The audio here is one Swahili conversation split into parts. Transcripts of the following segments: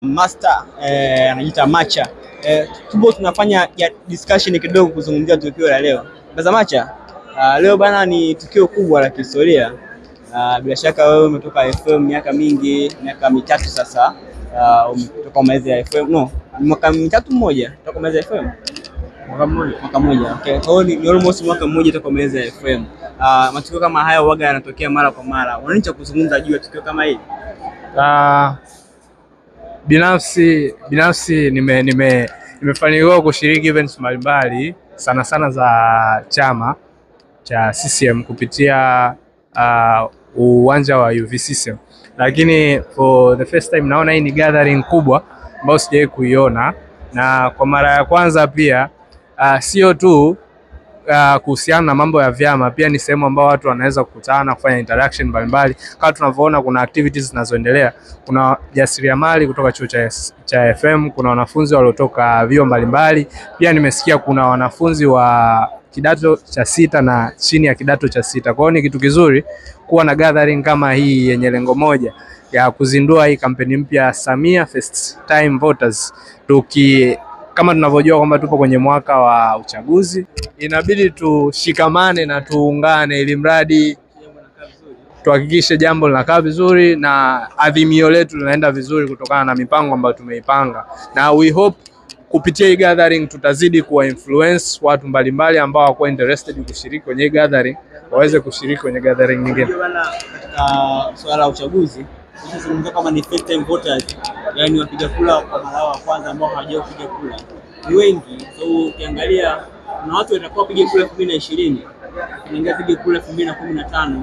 Master eh, anajiita Macha eh, tupo tunafanya ya discussion kidogo kuzungumzia tukio la leo. baza Macha, uh, leo bana ni tukio kubwa la kihistoria. Uh, bila shaka wewe umetoka FM miaka mingi, miaka mitatu sasa. Uh, umetoka umaliza ya FM no, mwaka mitatu mmoja toka ya FM mwaka mmoja, mwaka mmoja. Okay, kwa hiyo ni almost mwaka mmoja toka ya FM. Uh, matukio kama haya waga yanatokea mara kwa mara. Wananchi kuzungumza juu ya tukio kama hili uh binafsi binafsi nime, nime, nimefanikiwa kushiriki events mbalimbali sana sana za chama cha CCM kupitia uh, uwanja wa UVCCM, lakini for the first time naona hii ni gathering kubwa ambayo sijawahi kuiona, na kwa mara ya kwanza pia uh, sio uh, tu Uh, kuhusiana na mambo ya vyama, pia ni sehemu ambao watu wanaweza kukutana kufanya interaction mbalimbali. Kama tunavyoona, kuna activities zinazoendelea, kuna jasiriamali kutoka chuo cha, cha FM, kuna wanafunzi waliotoka vyuo mbalimbali, pia nimesikia kuna wanafunzi wa kidato cha sita na chini ya kidato cha sita. Kwa hiyo ni kitu kizuri kuwa na gathering kama hii yenye lengo moja ya kuzindua hii kampeni mpya Samia First Time Voters tuki kama tunavyojua kwamba tupo kwenye mwaka wa uchaguzi, inabidi tushikamane na tuungane, ili mradi tuhakikishe jambo linakaa vizuri na adhimio letu linaenda vizuri, kutokana na mipango ambayo tumeipanga, na we hope kupitia hii gathering tutazidi kuwa influence watu mbalimbali ambao wako interested kushiriki kwenye gathering waweze kushiriki kwenye gathering nyingine. Katika uh, swala la uchaguzi, kama ni first time voters, yani wapiga kura kwa mara kwanza ambao hawajapiga kura ni wengi, so ukiangalia na watu watakuwa wapiga kura elfu mbili na ishirini kuingia piga kura elfu mbili na kumi na tano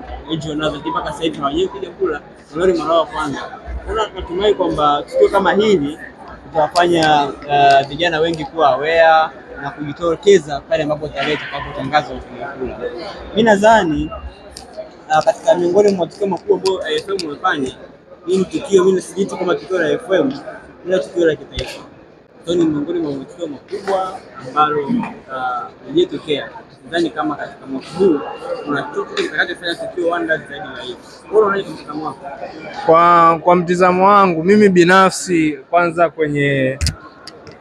mpaka sasa hivi hawajawahi kupiga kura, ndio ni mara ya kwanza. Sasa natumai kwamba tukio kama hili tutawafanya uh, vijana uh, wengi kuwa aware na kujitokeza pale ambapo tarehe itakapotangazwa kupiga kura. Mimi nadhani uh, katika miongoni mwa matukio makubwa ambayo AFM imefanya hii ni tukio, mimi nasijiti kama tukio la AFM Leo tukio la kitaifa ni miongoni mwa matukio makubwa ambalo uh, yaliyotokea. Nadhani kama katika mwaka huu kuna kitu kitakachofanya tukio wanda zaidi ya hili. Wewe unaona mtazamo wako? Kwa kwa mtizamo wangu mimi binafsi, kwanza kwenye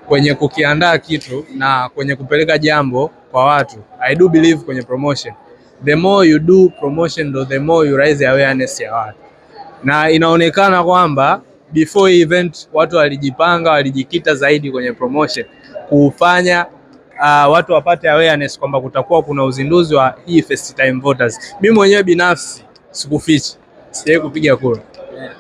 kwenye kukiandaa kitu na kwenye kupeleka jambo kwa watu, I do believe kwenye promotion. The more you do promotion, the more you raise awareness ya watu, na inaonekana kwamba before event watu walijipanga, walijikita zaidi kwenye promotion kufanya Uh, watu wapate awareness kwamba kutakuwa kuna uzinduzi wa hii first time voters. Mimi mwenyewe binafsi sikufichi, sijawahi kupiga kura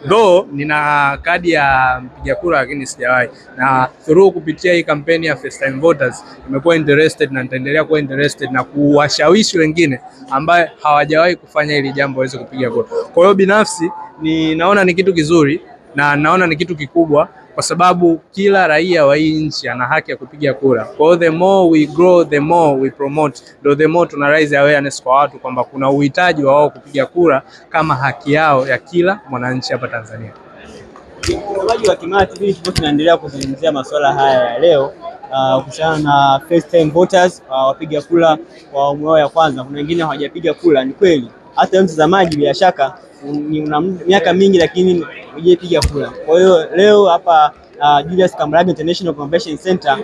though nina kadi ya mpiga kura, lakini sijawahi. Na through kupitia hii kampeni ya first time voters nimekuwa interested na nitaendelea kuwa interested na kuwashawishi wengine ambaye hawajawahi kufanya hili jambo waweze kupiga kura. Kwa hiyo binafsi ninaona ni kitu kizuri na naona ni kitu kikubwa, kwa sababu kila raia wa hii nchi ana haki ya kupiga kura. Kwa hiyo the more we grow, the more we promote, ndio the more tuna raise awareness kwa watu kwamba kuna uhitaji wa wao kupiga kura kama haki yao ya kila mwananchi hapa Tanzania. Watazamaji wa Kimaa TV, tunaendelea kuzungumzia masuala haya ya leo ah, kuhusiana na first time voters, ah, wapiga kura kwa awamu yao ya kwanza. Kuna wengine hawajapiga kura, ni kweli. Hata mtazamaji, bila shaka, una miaka mingi, lakini uliyepiga kura. Kwa hiyo leo hapa uh, Julius Kambarage International Convention Center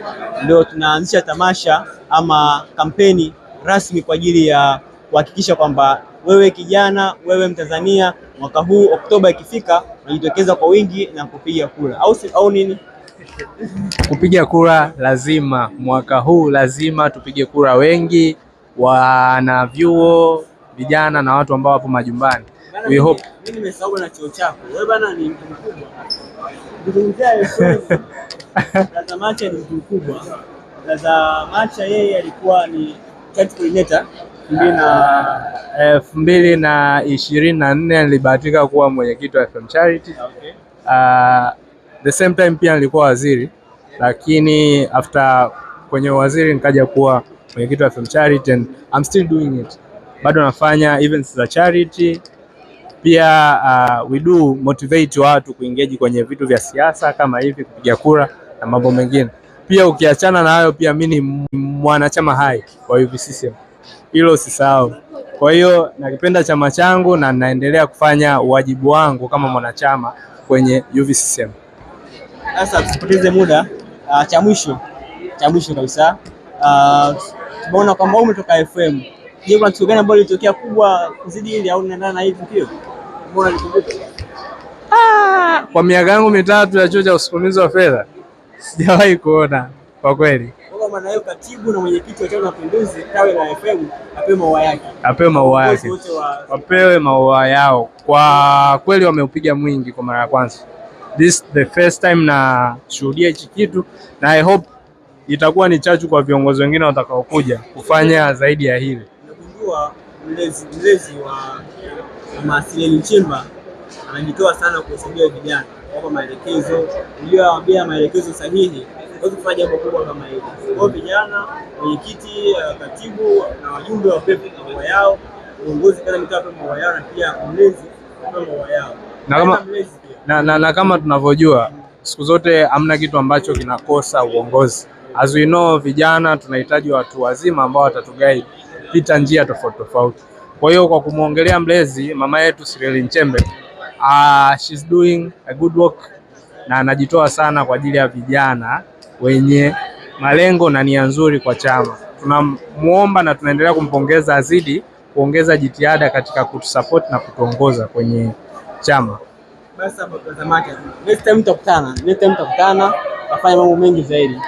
ndio tunaanzisha tamasha ama kampeni rasmi kwa ajili ya kuhakikisha kwamba wewe kijana, wewe Mtanzania, mwaka huu Oktoba ikifika unajitokeza kwa wingi na kupiga kura au, au nini? Kupiga kura lazima, mwaka huu lazima tupige kura wengi, wanavyuo, vijana na watu ambao wapo majumbani we hope. Mimi nimesahau na cheo chako. Wewe bana ni mtu mkubwa. Macha ni mtu mkubwa. Macha yeye alikuwa ni coordinator elfu mbili na ishirini na nne nilibahatika kuwa mwenyekiti wa FM Charity. Okay. Uh, the same time pia nilikuwa waziri lakini after kwenye waziri nikaja kuwa mwenyekiti wa FM Charity and I'm still doing it. Bado nafanya events za charity pia uh, we do motivate watu kuengage kwenye vitu vya siasa kama hivi kupiga kura na mambo mengine. Pia ukiachana na hayo, pia mimi ni mwanachama hai wa UVCCM, hilo usisahau. Kwa hiyo nakipenda chama changu na naendelea kufanya wajibu wangu kama mwanachama kwenye UVCCM. Sasa tusipoteze muda, uh, cha mwisho cha mwisho kabisa uh, tumeona kwamba umetoka FM. Je, kuna tukio gani ambalo lilitokea kubwa kuzidi hili au linaendana na hivi tukio? Ah, kwa miaka yangu mitatu ya chuo cha usimamizi wa fedha sijawahi kuona kwa kweli. apewe maua yake, wapewe maua yao. Kwa kweli wameupiga mwingi kwa mara ya kwanza, this the first time na shuhudia hichi kitu, na I hope itakuwa ni chachu kwa viongozi wengine watakaokuja kufanya zaidi ya hili. mlezi mlezi wa Mama Sileni Chimba anajitoa sana kuwasaidia vijana, kwa maelekezo, kujua bila maelekezo sahihi huwezi kufanya jambo kubwa kama hili. Kwa hiyo vijana, mwenyekiti, eh, katibu na wajumbe wa PEPU maua yao, uongozi kana mitaa pia maua yao, na pia mlezi pia yao na kama, na, na, na kama tunavyojua siku zote hamna kitu ambacho kinakosa uongozi. As we know, vijana tunahitaji watu wazima ambao watatuguide pita njia tofauti tofauti. Kwa hiyo kwa kumwongelea mlezi mama yetu Sirili Nchembe, uh, she's doing a good work na anajitoa sana kwa ajili ya vijana wenye malengo na nia nzuri kwa chama. Tunamuomba na tunaendelea kumpongeza azidi kuongeza jitihada katika kutusupport na kutuongoza kwenye chama. Basi hapo mtazamaji, next time tutakutana, next time tutakutana afanye mambo mengi zaidi.